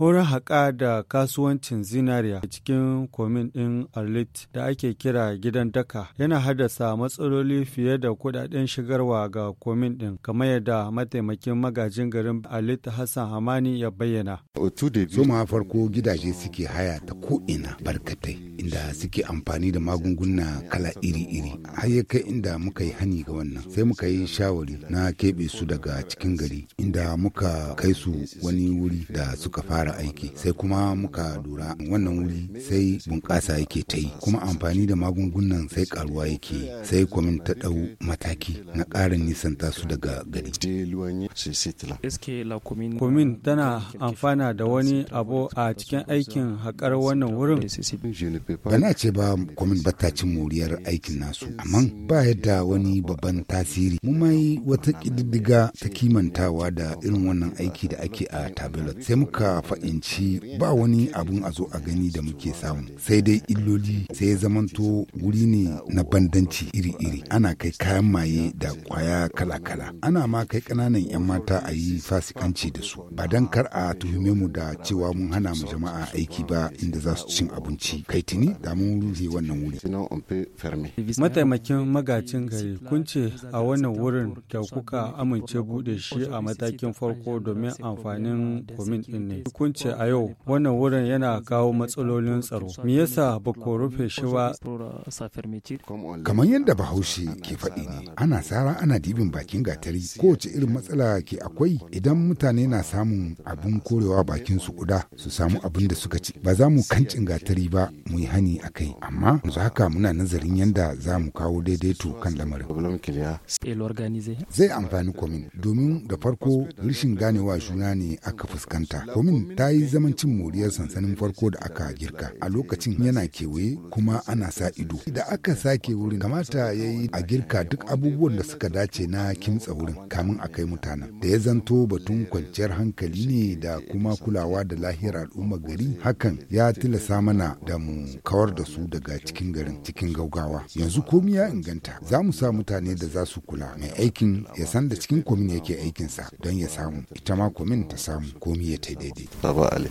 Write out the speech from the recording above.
horar haƙa da kasuwancin zinariya cikin komin ɗin arlit da ake kira gidan daka yana haddasa matsaloli fiye da kuɗaɗen shigarwa ga komin ɗin kamar yadda mataimakin magajin garin arlit hassan hamani ya bayyana su ma farko gidaje suke haya ta ko'ina barkatai inda suke amfani da magunguna kala iri-iri har kai inda muka yi hani ga wannan sai muka yi shawari na keɓe su daga cikin gari inda muka kai su wani wuri da suka fara fara aiki sai kuma muka lura wannan wuri sai bunƙasa yake ta yi kuma amfani da magungunan sai karuwa yake sai kwamin ta ɗau mataki na ƙarin nisan su daga gari. Kwamin tana amfana da wani abu a cikin aikin haƙar wannan wurin. Bana ce ba kwamin bata ci moriyar aikin nasu amma ba yadda wani babban tasiri. Mu mai wata ƙididdiga ta kimantawa da irin wannan aiki da ake a tabilot sai muka faɗi ci ba wani abun a zo a gani da muke samu sai dai illoli sai zamanto wuri ne na bandanci iri-iri ana kai kayan maye da kwaya kala-kala ana ma kai kananan 'yan mata a yi fasikanci da su ba don kar a tuhume mu da cewa mun hana mu jama'a aiki ba inda za su cin abinci kai tuni da mun rufe wannan wuri mataimakin magacin gari kun ce a wannan wurin da kuka amince bude shi a matakin farko domin amfanin komin din ne hukunci a yau wannan wurin yana kawo matsalolin tsaro. Me yasa ba ku rufe shi ba? Kamar yadda Bahaushe ke faɗi ne, ana tsara ana dibin bakin gatari kowace irin matsala ke akwai idan mutane na samun abin korewa bakin su guda su samu abin da suka ci. Ba za mu kancin gatari ba mu yi hani a kai, amma yanzu haka muna nazarin yadda za mu kawo daidaito kan lamarin. Zai amfani komin domin da farko rashin ganewa juna ne aka fuskanta. Komin ta yi zaman cin moriyar sansanin farko da aka girka a lokacin yana kewaye kuma ana sa ido da aka sake wurin kamata ya yi a girka duk abubuwan da suka dace na kimtsa wurin kamin a kai mutanen da ya zanto batun kwanciyar hankali ne da kuma kulawa da lahiyar al'umma gari hakan ya tilasa mana da mu kawar da su daga cikin garin cikin gaugawa yanzu komi ya inganta za mu sa mutane da za su kula mai aikin ya san da cikin komin yake aikinsa don ya samu ita ma komin ta samu komi ya ta daidai طب لي